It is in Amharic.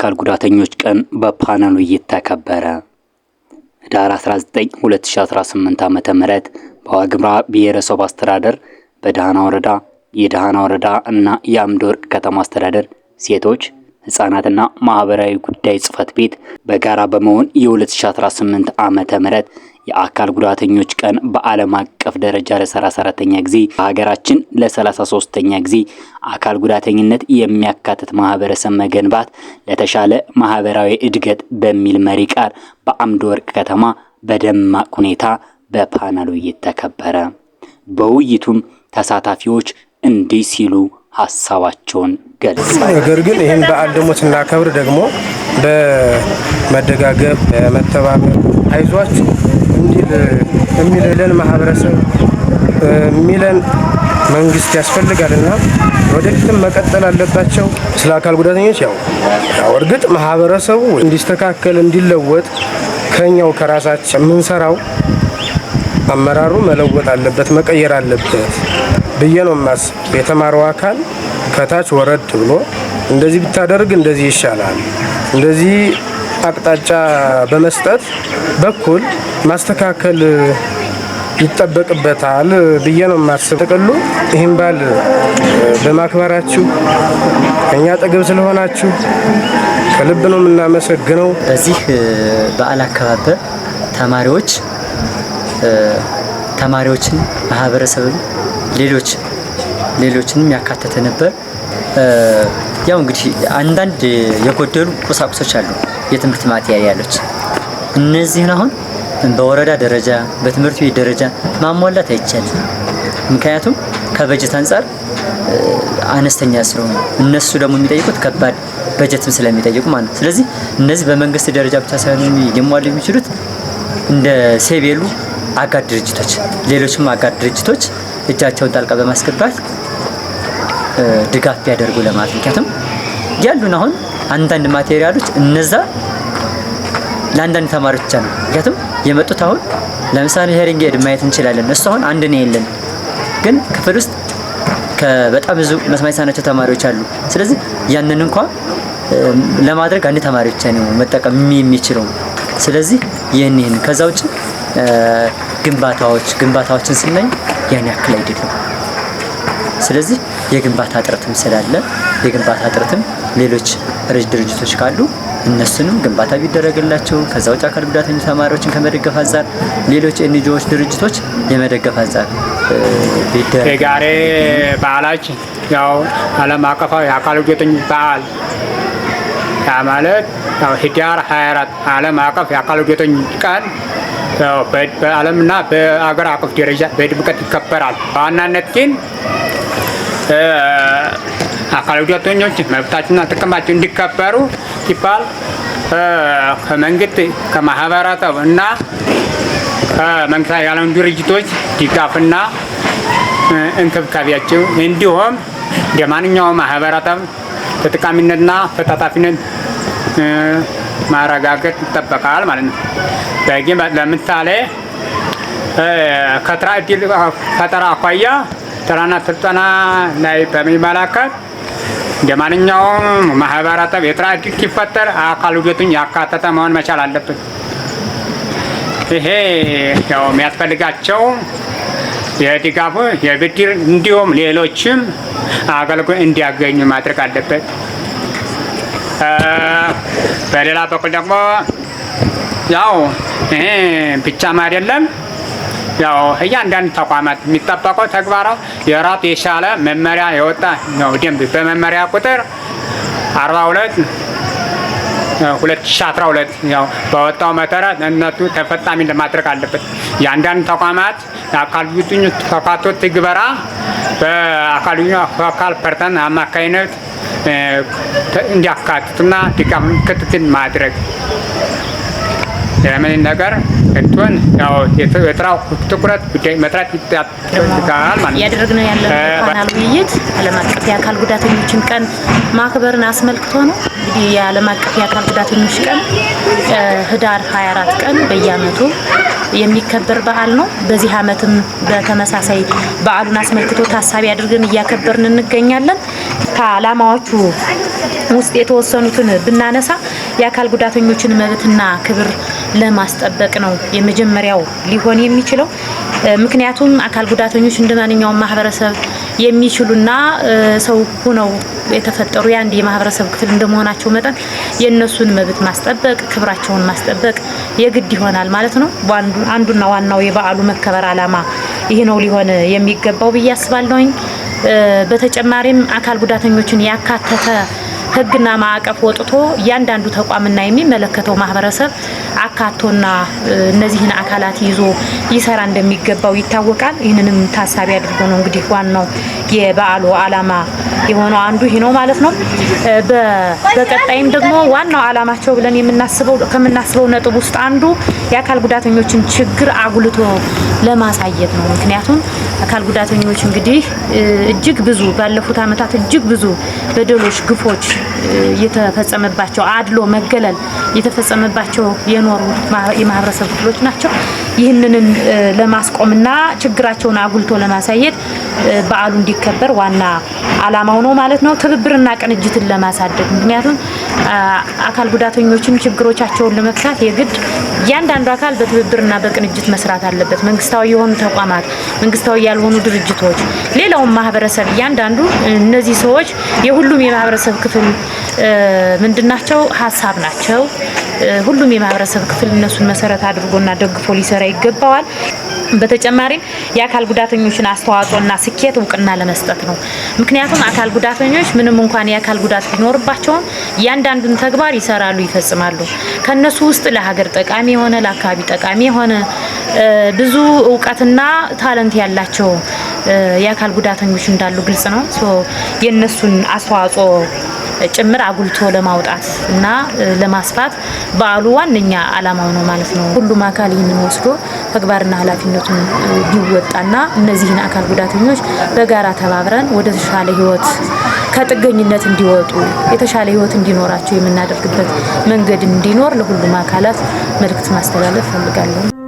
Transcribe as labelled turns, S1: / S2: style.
S1: የአካል ጉዳተኞች ቀን በፓነል ውይይት ተከበረ። ህዳር 19 2018 ዓ.ም በዋግምራ ብሔረሰብ አስተዳደር በደሃና ወረዳ የደሃና ወረዳ እና የአምድ ወርቅ ከተማ አስተዳደር ሴቶች ህጻናትና ማህበራዊ ጉዳይ ጽህፈት ቤት በጋራ በመሆን የ2018 ዓ.ም የአካል ጉዳተኞች ቀን በዓለም አቀፍ ደረጃ ለ34ተኛ ጊዜ በሀገራችን ለ33ተኛ ጊዜ አካል ጉዳተኝነት የሚያካትት ማህበረሰብ መገንባት ለተሻለ ማህበራዊ እድገት በሚል መሪ ቃል በአምድ ወርቅ ከተማ በደማቅ ሁኔታ በፓናል ውይይት ተከበረ። በውይይቱም ተሳታፊዎች እንዲህ ሲሉ ሀሳባቸውን
S2: ገልጸዋል። ነገር ግን ይህን በዓል ደግሞ ስናከብር ደግሞ በመደጋገብ በመተባበር አይዟችሁ እንዲል የሚልልን ማህበረሰብ የሚለን መንግስት ያስፈልጋልና ወደፊትም መቀጠል አለባቸው። ስለ አካል ጉዳተኞች ያው እርግጥ ማህበረሰቡ እንዲስተካከል እንዲለወጥ ከኛው ከራሳችን የምንሰራው አመራሩ መለወጥ አለበት መቀየር አለበት ብዬ ነው የማስብ። የተማረው አካል ከታች ወረድ ብሎ እንደዚህ ብታደርግ እንደዚህ ይሻላል እንደዚህ አቅጣጫ በመስጠት በኩል ማስተካከል ይጠበቅበታል ብዬ ነው የማስብ። ጥቅሉ ይህን በዓል በማክበራችሁ እኛ ጥግብ ስለሆናችሁ ከልብ ነው የምናመሰግነው።
S1: በዚህ በዓል አከባበር ተማሪዎች ተማሪዎችን ማህበረሰብን ሌሎች ሌሎችንም ያካተተ ነበር። ያው እንግዲህ አንዳንድ የጎደሉ ቁሳቁሶች አሉ። የትምህርት ማቴሪያሎች እነዚህን አሁን በወረዳ ደረጃ በትምህርት ቤት ደረጃ ማሟላት አይቻልም። ምክንያቱም ከበጀት አንጻር አነስተኛ ስለሆኑ እነሱ ደግሞ የሚጠይቁት ከባድ በጀትም ስለሚጠይቁ ማለት ነው። ስለዚህ እነዚህ በመንግስት ደረጃ ብቻ ሳይሆን ሊሟሉ የሚችሉት እንደ ሴቤሉ አጋር ድርጅቶች፣ ሌሎችም አጋር ድርጅቶች እጃቸውን ጣልቃ በማስገባት ድጋፍ ቢያደርጉ ለማለት ምክንያቱም ያሉን አሁን አንዳንድ ማቴሪያሎች እነዛ ለአንዳንድ ተማሪዎች ብቻ ነው። ምክንያቱም የመጡት አሁን ለምሳሌ ሄሪንግ ኤድ ማየት እንችላለን። እሱ አሁን አንድ ነው የለን፣ ግን ክፍል ውስጥ በጣም ብዙ መስማት የተሳናቸው ተማሪዎች አሉ። ስለዚህ ያንን እንኳ ለማድረግ አንድ ተማሪ ብቻ ነው መጠቀም የሚችለው። ስለዚህ ይህን ይህን ከዛ ውጭ ግንባታዎች ግንባታዎችን ስናይ ያን ያክል አይደለም። ስለዚህ የግንባታ እጥረትም ስላለ የግንባታ እጥረትም ሌሎች ረጅ ድርጅቶች ካሉ እነሱንም ግንባታ ቢደረግላቸው ከዛ ውጭ አካል ጉዳተኛ ተማሪዎችን ከመደገፍ አንጻር ሌሎች ኤንጂኦዎች ድርጅቶች የመደገፍ አንጻር
S2: ቢደረግ የጋሬ በዓላችን ያው ዓለም አቀፋዊ የአካል ጉዳተኞች በዓል ያ ማለት ያው ህዳር 24 ዓለም አቀፍ የአካል ጉዳተኞች ቀን በዓለምና በአገር አቀፍ ደረጃ በድምቀት ይከበራል። በዋናነት ግን አካል ጉዳተኞች መብታችንና ጥቅማቸው እንዲከበሩ ሲባል ከመንግስት ከማህበረሰብ እና ከመንግስታዊ ያልሆኑ ድርጅቶች ድጋፍና እንክብካቤያቸው እንዲሁም እንደ ማንኛውም ማህበረሰብ ተጠቃሚነትና ተሳታፊነት ማረጋገጥ ይጠበቃል ማለት ነው። ለምሳሌ ከስራ እድል ፈጠራ አኳያ ስልጠናና ስልጠና ላይ በሚመለከት እንደ ማንኛውም ማህበረሰብ የስራ እድል ሲፈጠር አካል ጉዳተኞችን ያካተተ መሆን መቻል አለበት። ይሄ ያው የሚያስፈልጋቸው የድጋፉ የብድር እንዲሁም ሌሎችም አገልግሎት እንዲያገኙ ማድረግ አለበት። በሌላ በኩል ደግሞ ያው ይሄ ብቻም አይደለም ያው እያንዳንዱ ተቋማት የሚጠበቀው ተግባራት የራሱ የቻለ መመሪያ የወጣ ነው ደንብ በመመሪያ ቁጥር 42 2012 ያው በወጣው መሰረት እነቱ ተፈጣሚ ለማድረግ አለበት። የአንዳንድ ተቋማት የአካል ጉዳተኞች ተካቶ ትግበራ በአካል አካል ፐርሰን አማካኝነት እንዲያካትቱና ድጋፍ ክትትል ማድረግ ለምን ነገር እንትን ያው የጥራው ትኩረት ጉዳይ መጥራት ይጠቃል
S3: ማለት ነው። ያለው ፓናል ውይይት ዓለም አቀፍ የአካል ጉዳተኞችን ቀን ማክበርን አስመልክቶ ነው። እንግዲህ የዓለም አቀፍ የአካል ጉዳተኞች ቀን ህዳር 24 ቀን በየአመቱ የሚከበር በዓል ነው። በዚህ አመትም በተመሳሳይ በዓሉን አስመልክቶ ታሳቢ አድርገን እያከበርን እንገኛለን። ከዓላማዎቹ ውስጥ የተወሰኑትን ብናነሳ የአካል ጉዳተኞችን መብትና ክብር ለማስጠበቅ ነው የመጀመሪያው ሊሆን የሚችለው። ምክንያቱም አካል ጉዳተኞች እንደ ማንኛውም ማህበረሰብ የሚችሉና ሰው ሆነው የተፈጠሩ የአንድ የማህበረሰብ ክፍል እንደመሆናቸው መጠን የእነሱን መብት ማስጠበቅ፣ ክብራቸውን ማስጠበቅ የግድ ይሆናል ማለት ነው። አንዱና ዋናው የበዓሉ መከበር ዓላማ ይህ ነው ሊሆን የሚገባው ብዬ አስባለሁኝ። በተጨማሪም አካል ጉዳተኞችን ያካተተ ሕግና ማዕቀፍ ወጥቶ እያንዳንዱ ተቋምና የሚመለከተው ማህበረሰብ አካቶና እነዚህን አካላት ይዞ ሊሰራ እንደሚገባው ይታወቃል። ይህንንም ታሳቢ አድርጎ ነው እንግዲህ ዋናው የበዓሉ አላማ። የሆነው አንዱ ይሄ ነው ማለት ነው። በቀጣይም ደግሞ ዋናው አላማቸው ብለን የምናስበው ከምናስበው ነጥብ ውስጥ አንዱ የአካል ጉዳተኞችን ችግር አጉልቶ ለማሳየት ነው። ምክንያቱም አካል ጉዳተኞች እንግዲህ እጅግ ብዙ ባለፉት ዓመታት እጅግ ብዙ በደሎች፣ ግፎች የተፈጸመባቸው አድሎ፣ መገለል የተፈጸመባቸው የኖሩ የማህበረሰብ ክፍሎች ናቸው። ይህንንም ለማስቆምና ችግራቸውን አጉልቶ ለማሳየት በዓሉ እንዲከበር ዋና አላማ ዓላማው ነው ማለት ነው። ትብብርና ቅንጅትን ለማሳደግ ምክንያቱም አካል ጉዳተኞችን ችግሮቻቸውን ለመፍታት የግድ እያንዳንዱ አካል በትብብርና በቅንጅት መስራት አለበት። መንግስታዊ የሆኑ ተቋማት፣ መንግስታዊ ያልሆኑ ድርጅቶች፣ ሌላውም ማህበረሰብ እያንዳንዱ እነዚህ ሰዎች የሁሉም የማህበረሰብ ክፍል ምንድናቸው? ሀሳብ ናቸው። ሁሉም የማህበረሰብ ክፍል እነሱን መሰረት አድርጎና ደግፎ ሊሰራ ይገባዋል። በተጨማሪም የአካል ጉዳተኞችን አስተዋጽኦና ስኬት እውቅና ለመስጠት ነው። ምክንያቱም አካል ጉዳተኞች ምንም እንኳን የአካል ጉዳት ቢኖርባቸውም እያንዳንዱን ተግባር ይሰራሉ፣ ይፈጽማሉ። ከነሱ ውስጥ ለሀገር ጠቃሚ የሆነ ለአካባቢ ጠቃሚ የሆነ ብዙ እውቀትና ታለንት ያላቸው የአካል ጉዳተኞች እንዳሉ ግልጽ ነው። የእነሱን አስተዋጽኦ ጭምር አጉልቶ ለማውጣት እና ለማስፋት በዓሉ ዋነኛ ዓላማው ነው ማለት ነው። ሁሉም አካል ይህንን ወስዶ ተግባርና ኃላፊነቱን ቢወጣና እነዚህን አካል ጉዳተኞች በጋራ ተባብረን ወደ ተሻለ ህይወት ከጥገኝነት እንዲወጡ የተሻለ ህይወት እንዲኖራቸው የምናደርግበት መንገድ እንዲኖር ለሁሉም አካላት መልእክት ማስተላለፍ ፈልጋለሁ።